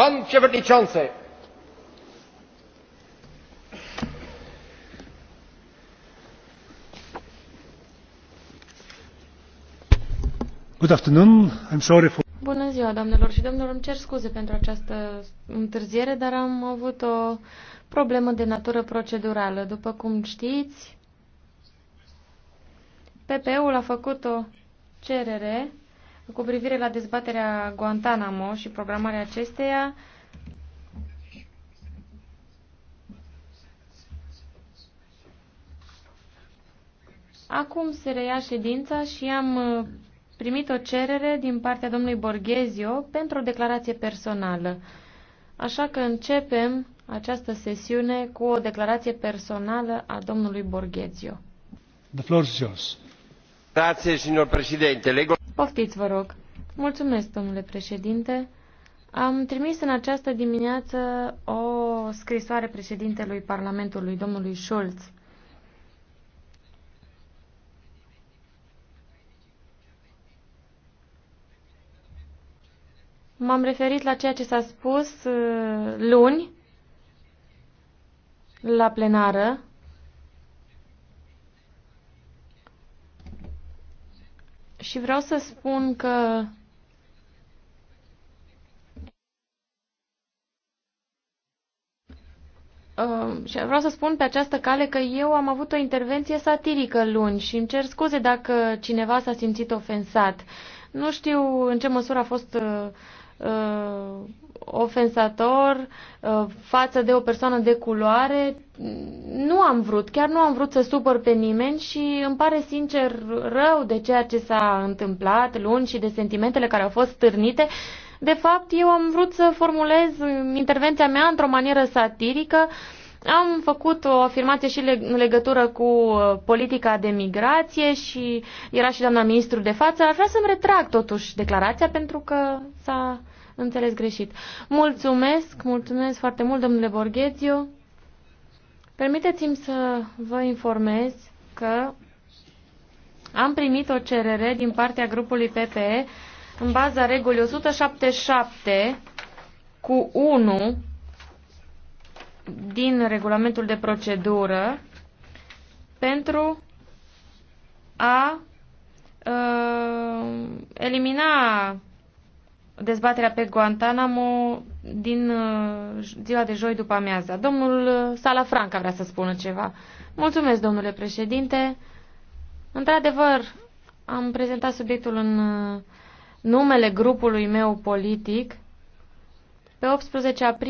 Pan Przewodniczący! Good afternoon. I'm sorry for... Bună ziua, doamnelor și domnilor. Îmi cer scuze pentru această întârziere, dar am avut o problemă de natură procedurală. După cum știți, PPE-ul a făcut o cerere cu privire la dezbaterea Guantanamo și programarea acesteia. Acum se reia ședința și am uh, primit o cerere din partea domnului Borghezio pentru o declarație personală. Așa că începem această sesiune cu o declarație personală a domnului Borghezio. The floor is yours. Grazie, signor Presidente. Poftiți, vă rog. Mulțumesc, domnule președinte. Am trimis în această dimineață o scrisoare președintelui Parlamentului, domnului Schulz. M-am referit la ceea ce s-a spus uh, luni la plenară Și vreau să spun că um, și vreau să spun pe această cale că eu am avut o intervenție satirică luni și îmi cer scuze dacă cineva s-a simțit ofensat. Nu știu în ce măsură a fost uh, uh, ofensator uh, față de o persoană de culoare. Nu am vrut, chiar nu am vrut să supăr pe nimeni și îmi pare sincer rău de ceea ce s-a întâmplat luni și de sentimentele care au fost stârnite. De fapt, eu am vrut să formulez intervenția mea într-o manieră satirică uh, am făcut o afirmație și în legătură cu uh, politica de migrație și era și doamna ministru de față. Ar vrea să-mi retrag totuși declarația pentru că s-a înțeles greșit. Mulțumesc, mulțumesc foarte mult, domnule Borghețiu. Permiteți-mi să vă informez că am primit o cerere din partea grupului PPE în baza regulii 177 cu 1 din regulamentul de procedură pentru a uh, elimina dezbaterea pe Guantanamo din uh, ziua de joi după amiaza. Domnul Salafranca vrea să spună ceva. Mulțumesc, domnule președinte. Într-adevăr, am prezentat subiectul în ă, numele grupului meu politic pe 18 aprilie.